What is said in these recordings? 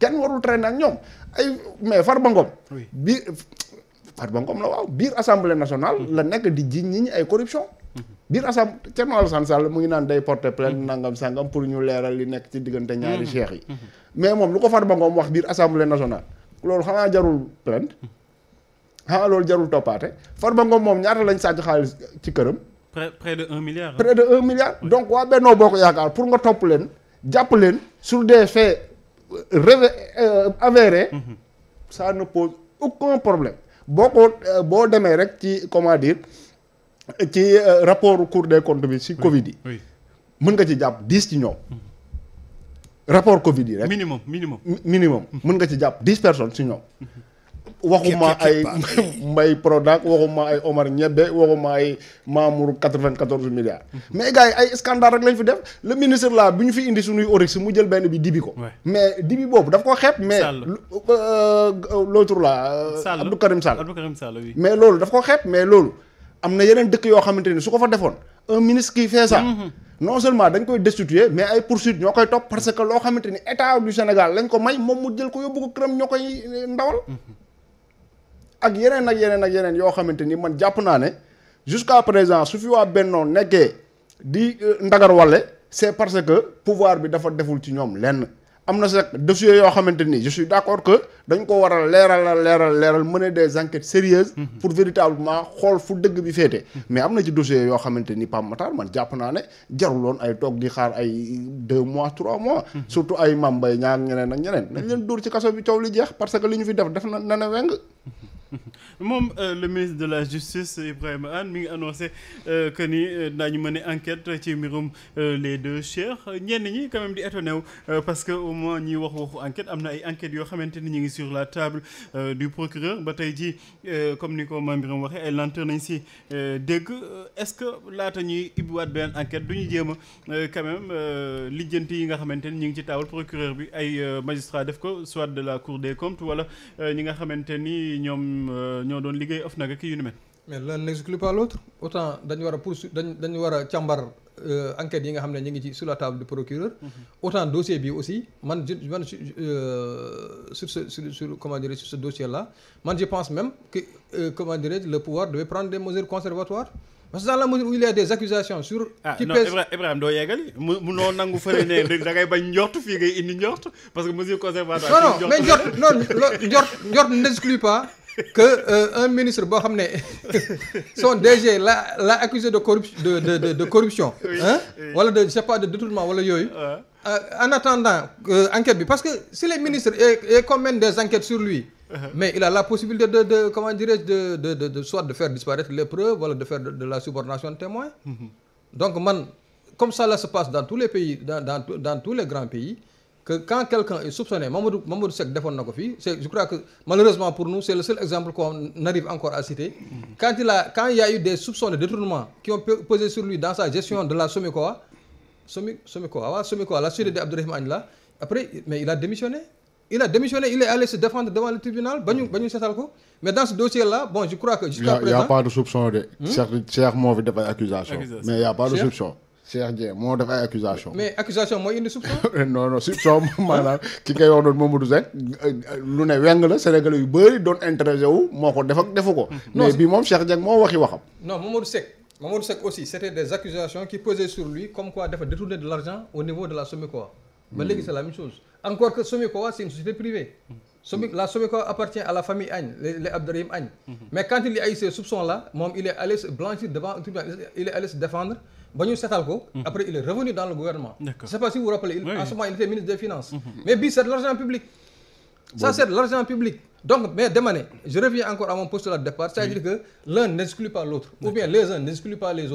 kenn warul traîner ak ñoom ay mais Farba Ngom biir Farba Ngom la waaw biir assemblée nationale mhm. la nekk di jiñ nit ñi ay corruption mhm. biir assemblée Thierno Alassane Sall mu ngi naan day porter plainte mhm. nangam sangam pour ñu leeral li nekk ci diggante ñaari cheikh yi mais moom lu ko Farba Ngom wax biir assemblée nationale loolu xanaa jarul plainte xanaa loolu jarul toppaate Farba Ngom moom ñaata lañ sàcc xaalis ci këram près près de un milliard. près de un milliard. Oui. donc waa Benno Bokk révé euh, avéré. ça ne pose aucun problème boo ko euh, boo demee rek ci comment dire ci euh, rapport cour de comptes bi si Covid yi. mën nga ci jàpp dix ci ñoom. rapport Covid yi rek. minimum minimum. minimum mën nga ci jàpp dix personnes si ñoom. waxuma ay Mbaye Prodac waxuma ay Omar Ñebbe waxuma ay Mamour 94 milliards. Mm-hmm. mais gars yi ay scandale rek lañ fi def le ministre là bi ñu fi indi suñuy orix mu jël benn bi dibi ko. mais dibi boobu daf ko xeeb. mais euh, euh, l'autre là. Euh, Sall Abdou Karim Sall Abdou Karim Sall oui. mais loolu daf ko mais loolu am na yeneen dëkk yoo xamante ni su ko fa defoon un ministre qui fait mm-hmm. non seulement dañ koy destituer mais ay poursuites ñoo koy topp parce que loo xamante ni état du Sénégal lañ ko may moom mu jël ko yóbbu ko këram ñoo koy ndawal. Mm-hmm. ak yeneen ak yeneen ak yeneen yoo xamante ni man jàpp naa ne jusqu'à présent su fi waa Bennoo nekkee di euh, ndagar wale c'est parce que pouvoir bi dafa deful ci ñoom lenn am na sax dossier yoo xamante ni je suis d'accord que dañ ko war a leeralal leeral leeral des enquêtes sérieuses mhm. pour véritablement xool fu dëgg bi féete mhm. mais am na ci dossier yoo xamante ni Pape Matar man jàpp naa ne jaruloon ay toog di xaar ay deux mois trois mois mhm. surtout ay Mame Mbaye Niang ñeneen ak ñeneen nañ leen dóor ci kaso bi coow li jeex parce que li ñu fi def def na na ne weng moom euh, le ministre de la justice Ibrahima Anne mi ngi annoncé euh, que ni euh, daañu mën a enquête ci mbirum les deux cher ñenn ñi quand di étonné wu parce que au moins ñuy wax waxu enquête am na ay enquêtes yoo xamante ni ñu ngi sur la table du procureur ba tey ji comme ni ko Mambiram waxee ay lenteur nañ si dégg est-ce que laata ñuy ibbiwaat beneen enquête du ñu jéem a quand même lijjanti yi nga xamante ni ñu ngi ci taabal procureur bi ay magistrat def ko soit de la cour des comptes wala ñi nga xamante ni ñoom. ñoo doon liggéey of nag ak yu ni mel. mais l'un n'exclut pas l'autre autant dañu war a poursuivre dañ dañu war a càmbar euh, enquêtes yi nga xam ne ñu ngi ci sur la table du procureur. Mm-hmm. autant dossier bi aussi man je man euh, sur ce sur sur comment dirais sur je pense même que euh, comment dirais pouvoir devait prendre des mesures conservatoires. parce que dans mesure où il a des accusations sur. ah non Ibrahima doo yeggali mu munoo nangu fële ne da bañ njort que euh, un ministre boo xam ne son DG la la accusé de corruption de de de, de wala de je sais pas de détournement wala yooyu. Euh, en attendant euh, enquête bi parce que si les ministres et et des enquêtes sur lui. Uh-huh. mais il a la possibilité de de comment dirais-je de de de, de soit de faire disparaître les preuves wala de faire de, la subordination de témoin. Mm -hmm. donc man comme ça se passe dans tous les pays dans dans dans tous les grands pays. que quand quelqu'un est soupçonné Mamadou Mamadou Seck defoon na ko fii c'est je que malheureusement pour nous c'est le seul exemple qu'on arrive encore à citer quand il a eu des soupçons de détournement qui ont pesé sur lui dans sa gestion de la Somicoa Somi Somicoa waaw la société de Abdourahmane Agne la après mais il a démissionné il a démissionné il est allé se défendre devant le tribunal ba ñu ba ko mais dans ce dossier là jusqu'à présent de soupçon de hmm? Cheikh Dieng moo def ay accusation mais accusation mooy indi soupçon. non non soupçon maanaam ki ngay wax doon Mamadou Seck lu ne weng la Sénégalais yu bëri doon intéressé wu moo ko def ak defu ko. Mm-hmm. mais bi moom Cheikh Dieng moo waxi waxam. non Mamadou Seck. Mamadou Seck aussi c'était des accusations qui pesaient sur lui comme quoi dafa détourner de l'argent au niveau de la Somicoa. ba mm. léegi c'est la même chose encore que Somicoa c'est une société privée. Sobi mm. la appartient à la famille Agne les les Abdourahim mm-hmm. mais quand il y a eu ces soupçons là il est allé blanchir devant il est allé défendre ba setal ko. Mm-hmm. après il est revenu dans le gouvernement. je pas si vous rappelez. Oui. en ce il était ministre des finances. Mm-hmm. mais bii c'est l'argent public. c'est l'argent public. donc mais dama je reviens encore à mon postulat de départ. c'est-à-dire que l'un n'exclut pas l'autre ou bien les uns n'excluent pas les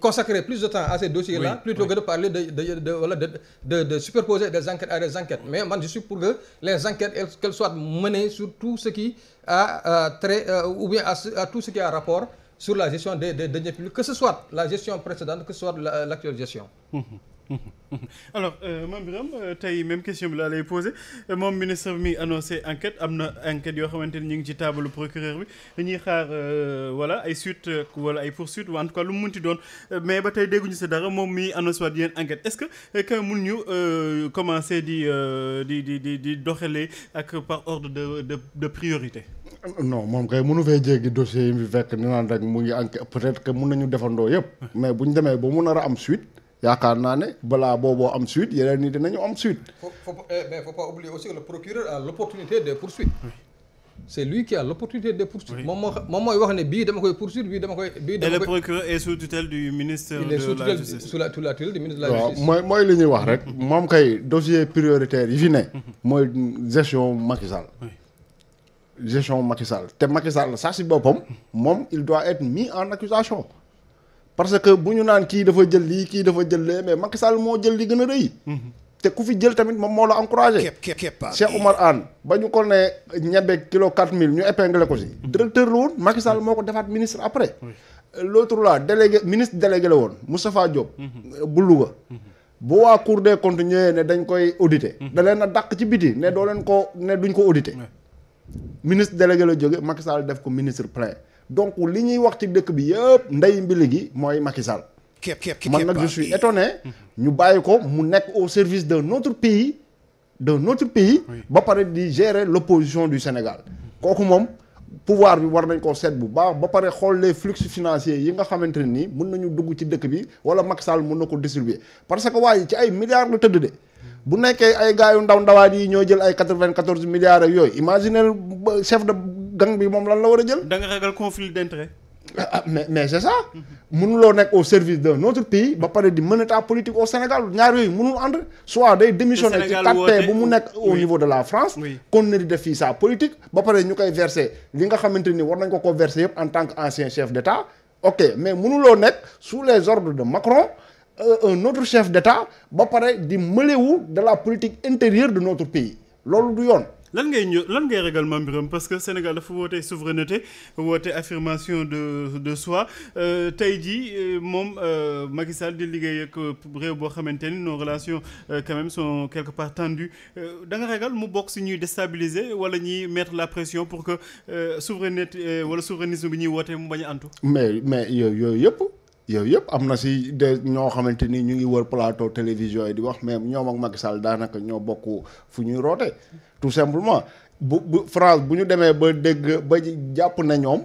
consacrer plus de temps à ces dossiers-là plutôt que de parler de de de voilà de, de de superposer des enquêtes à des enquêtes mais man je suis pour que les enquêtes qu'elles soient menées sur tout ce qui a euh, trait euh, ou bien à, tout ce qui a rapport sur la gestion des des publics que ce soit la gestion précédente que ce soit l'actuelle gestion. Mm-hmm. alors euh, Mame Birame euh, tey même question bi laa lay posé moom ministre mi annoncé enquête am na enquête yoo xamante ni ñu ngi ci taabalu procureur bi dañuy xaar euh, voilà ay suite wala ay poursuite ou en tout cas lu mu munti doon mais ba tey dégguñu si dara moom mi annoncé waat yéen enquête est-ce que quand mun ñu commencer di di di di di doxalee ak par ordre de de de priorité. non moom kay mënu fee jéggi dossier yi mu fekk ni naan rek mu ngi enquête peut-être que mun nañu defandoo yëpp. mais bu demee ba mu nar a am suite. yaakaar naa ne balaa booboo am suite yeneen ni dinañu am suite. faut faut eh, mais faut pas oublier aussi que le procureur a l'opportunité de poursuivre. Oui. c'est lui qui a l'opportunité de poursuivre. moom moo moom mooy wax ne bii dama koy poursuivre bii dama koy. bii dama koy et le procureur est sous tutelle du ministre. de la justice sous la tutelle du ministre de la justice. waaw mooy mooy li ñuy wax rek. Mm-hmm. moom kay dossier prioritaire yi fi ne. mooy gestion Macky Sall. gestion Macky Sall te Macky Sall sax si boppam moom il doit être mis en accusation parce que bu ñu naan kii dafa jël lii kii dafa jël lee mais Macky Sall moo jël li gën a rëy. Mm-hmm. te ku fi jël tamit moom moo la encouragé. képp képp képp ah. Cheikh Oumar ba ñu ko ne ñebe kilo mille ñu épinglé ko si. Mm-hmm. directeur la woon Macky moo ko defaat ministre après. l'autre là délégué ministre délégué la woon Moustapha Diop. Mm-hmm. bu Louga. bu waa Cour des comptes ñëwee ne dañ koy auditer da leen a dàq ci biti ne doo leen ko ne duñ ko audité. ministre délégué la jóge Macky Sall def ko ministre plein. donc li ñuy wax ci dëkk bi yëpp ndey mbili gi mooy Macky Sall man nag je ah, suis étonné ñu bàyyi ko mu nekk au service d'un autre pays d'un autre pays ba pare di gérer l'opposition du Sénégal kooku moom pouvoir bi war nañ koo seet bu baax ba pare xool les flux financiers yi nga xamante ne nii mën nañu dugg ci dëkk bi wala Macky Sall mën na ko distribuer parce que waaye ci ay milliards la tëdd de bu nekkee ay gars yu ndaw ndawaan yi ñoo jël ay quatre-vingt-quatorze milliards ak yooyu imaginer chef de gang bi moom lan la war a jël. da nga ragal conflit d'intérêt. Ah, ah, mais mais c'est ça. mënuloo nekk au service de notre pays ba pare di mën état politique au Sénégal ñaar yooyu mënul ànd. soit day démissionner ci parti bu mu nekk au niveau de la France. continuer di def fii sa politique. ba pare ñu koy verser li nga xamante ni war nañ ko ko verser yëpp en tant que ancien chef d'État. ok mais mënuloo nekk sous les ordres de Macron euh, un autre chef d'État ba pare di mëlewu de la politique intérieure de notre pays loolu du yoon. lan ngay ñëw lan ngay règlement mbiram parce que Sénégal dafa woote souveraineté woote affirmation de de soi euh, tey jii euh, moom euh, Macky Sall di liggéey ak réew boo xamante ni nos relations quand même sont quelque part tendues da nga ragal mu bokk si ñuy déstabiliser wala ñuy mettre la pression pour que souveraineté wala souverainisme bi ñuy wootee mu bañ a antu. mais mais yooyu yooyu yëpp. yooyu yëpp am na si de ñoo xamante ni ñu ngi wër plateau télévision yi di wax mais ñoom ak Macky Sall daanaka ñoo bokk fu ñuy roote tout simplement bu bu France bu ñu demee ba dégg ba jàpp na ñoom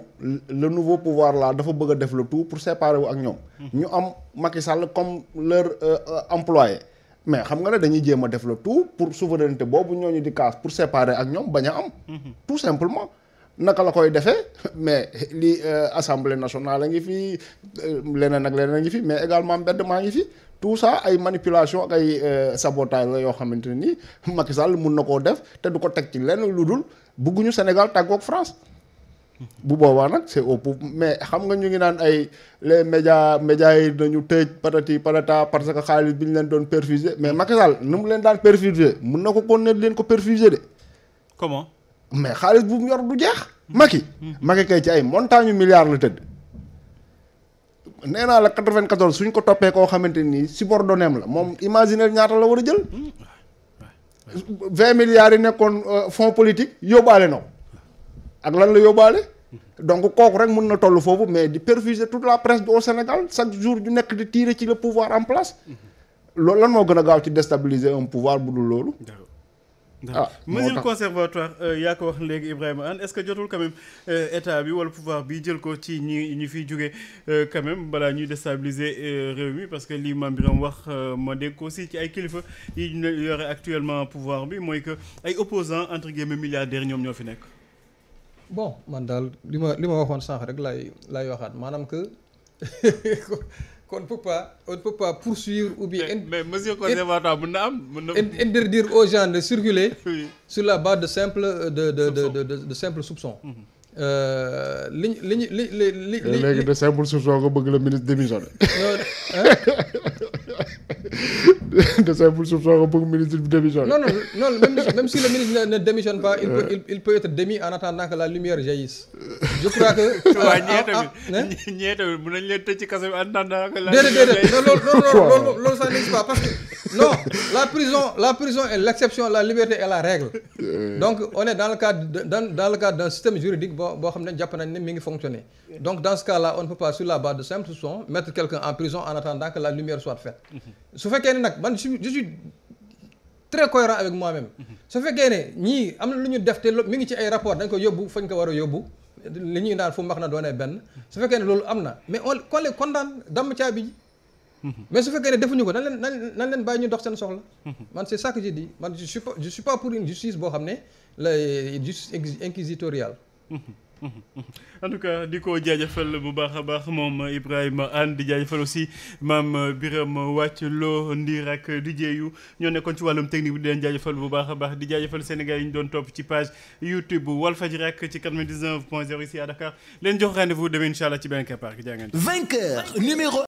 le nouveau pouvoir là dafa bëgg def le tout pour séparer wu ak ñoom. ñu am Macky Sall comme leur euh, employé. mais xam nga ne dañu jéem a def le tout pour souveraineté boobu ñooñu di kaas pour séparer ak ñoom bañ a am. tout simplement. naka la koy defee mais li euh, assemblée nationale a ngi fi euh, leneen ak leneen a ngi fi mais également mbedd maa ngi fi tout ça ay manipulation ak ay euh, sabotage la yoo xamante ne nii Macky Sall mun na koo def te du ko teg ci lenn lu dul bugguñu Sénégal tàggoog France. bu boobaa nag c'est au pouvoir mais xam nga ñu ngi naan ay les médias médias yi dañu tëj patati patata parce que xaalis bi ñu leen doon perfuser mais Macky Sall nu mu leen daan perfuser mun na ko kon ne leen ko perfuser de. mais xaalis bu mu yor du jeex. Macky Macky kay ci ay montagne milliards la tëdd. nee naa la 94 suñ ko toppee koo xamante ni subordonné donneem la moom imaginer ñaata la war a jël. vingt milliards yi nekkoon euh, fonds politique yóbbaale na ak lan la yóbbaale. donc kooku rek mun na toll foofu mais di perfuser toute la presse bi au Sénégal chaque jour ñu nekk di tiire ci le pouvoir en place. loolu lan moo gën a gaaw ci déstabiliser un pouvoir bu dul loolu. ah mesure conservatoire euh, yaa ko wax léegi Ibrahima Anne est-ce que jotul quand même euh, état bi wala pouvoir bi jël ko ci ñi ñi fiy jóge euh, quand même balaa ñuy déstabiliser réew mi parce que lii Mame Birame wax ma dégg ko aussi ci ay kilifa yi ñu yore actuellement pouvoir bi mooy que ay opposants entre guillemets milliardaires ñoom ñoo fi nekk. bon man daal li ma li ma waxoon sànq rek laay laay waxaat maanaam que. qu'on ne peut pas on ne peut pas poursuivre ou bien. mais mais monsieur conservatoire mën na am mën na. interdire aux gens de circuler. oui sur la base de simple euh, de de de de de, de simple soupçon. Mhm. Euh, li ñu li ñu li li li li. léegi de simple soupçon nga bëgg la ministre démissionné. de simple soupçon pour ministre bi démissionne. non non non même, si le ministre ne démissionne pas il peut il, il peut être démis en attendant la lumière jaillisse. je crois que. waaw ah, ñee tamit ah, ñee tamit mën nañ leen tëj ci en attendant la lumière jaillisse. déedéet loolu loolu ça pas parce que la prison la prison est l'exception la liberté est la règle. Euh. donc on dans le cadre dans système juridique boo xam ne jàpp nañ ne mi ngi fonctionner donc dans ce cas-là on ne peut pas sur la base de simple man je je suis très cohérent avec moi-même su fekkee ne ñii am na lu ñu def te mi ngi ci ay rapport dañ ko yóbbu fañ ko war a yóbbu li ñuy naan fu mu wax na doonee benn su fekkee ne loolu am na mais on qu'on les condamne damm caabi ji mais su fekkee ne defuñu ko nan leen nan nan leen bàyyi ñu dox seen soxla man c'est ça que j'ai man je pour une justice boo xam ne la justice inquisitoriale en tout cas di ko jaajëfal bu baax a baax moom Ibrahima Anne di jaajëfal aussi maam Biram wàcc loo ndiir ak DJ yu ñoo nekkoon ci wàllum technique bi di leen jaajëfal bu baax a baax di jaajëfal Sénégal yi ñu doon topp ci page YouTube Walfadjri ak ci 99 point 0 ici à Dakar leen jox rendez-vous demain incha allah ci benn keppaar gi